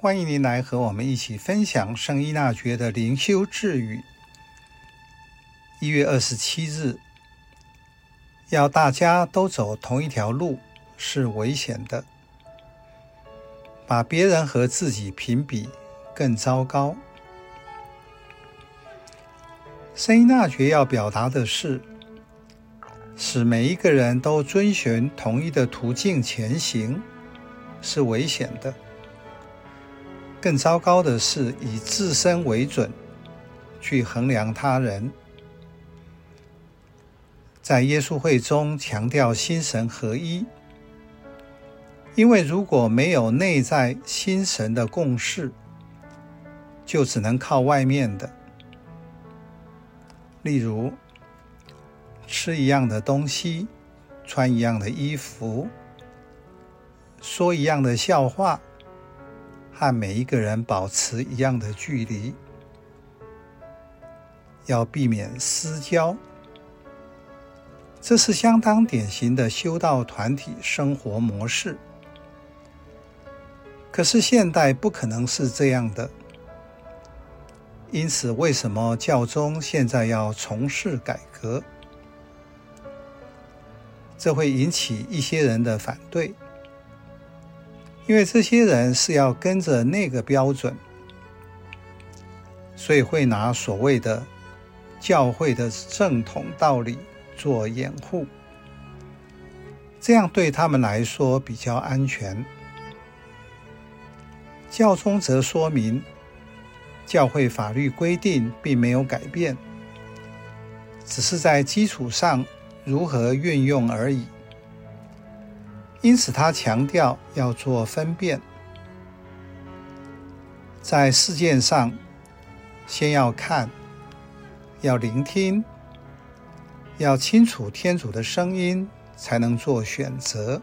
歡迎您來和我們一起分享聖依納爵的靈修智語。一月二十七日，要大家都走同一條路是危險的。把別人和自己評比更糟糕。聖依納爵要表達的是，使每一個人都遵循同一的途徑前行是危險的。更糟糕的是，以自身為準去衡量他人。在耶穌會中強調心神合一，因為如果沒有內在心神的共識，就只能靠外面的，例如吃一樣的東西，穿一樣的衣服，說一樣的笑話。和每一個人保持一樣的距離，要避免私交，這是相當典型的修道團體生活模式。可是現代不可能是這樣的，因此為什麼教宗現在要從事改革？這會引起一些人的反對。因為這些人是要跟着那個標準，所以會拿所謂的教會的正統道理做掩護，這樣對他們來說比較安全。教宗則說明，教會法律規定並沒有改變，只是在基礎上如何運用而已。因此，他強調要做分辨，在事件上，先要看，要聆聽，要清楚天主的聲音，才能做選擇。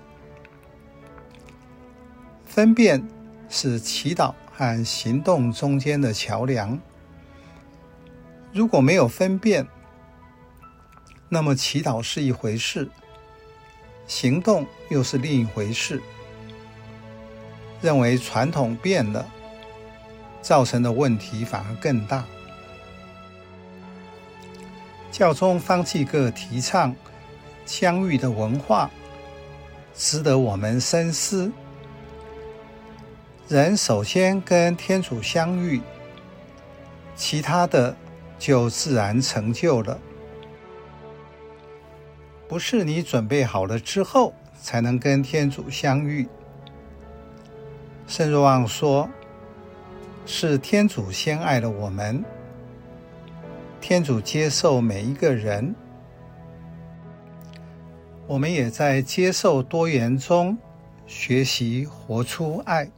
分辨是祈禱和行動中間的橋梁。如果沒有分辨，那麼祈禱是一回事。行動又是另一回事。認為傳統變了，造成的問題反而更大。教宗方濟各提倡相遇的文化，值得我們深思。人首先跟天主相遇，其他的就自然成就了。不是你準備好了之後才能跟天主相遇。聖若望說：“是天主先愛了我們，天主接受每一個人，我們也在接受多元中學習活出愛。”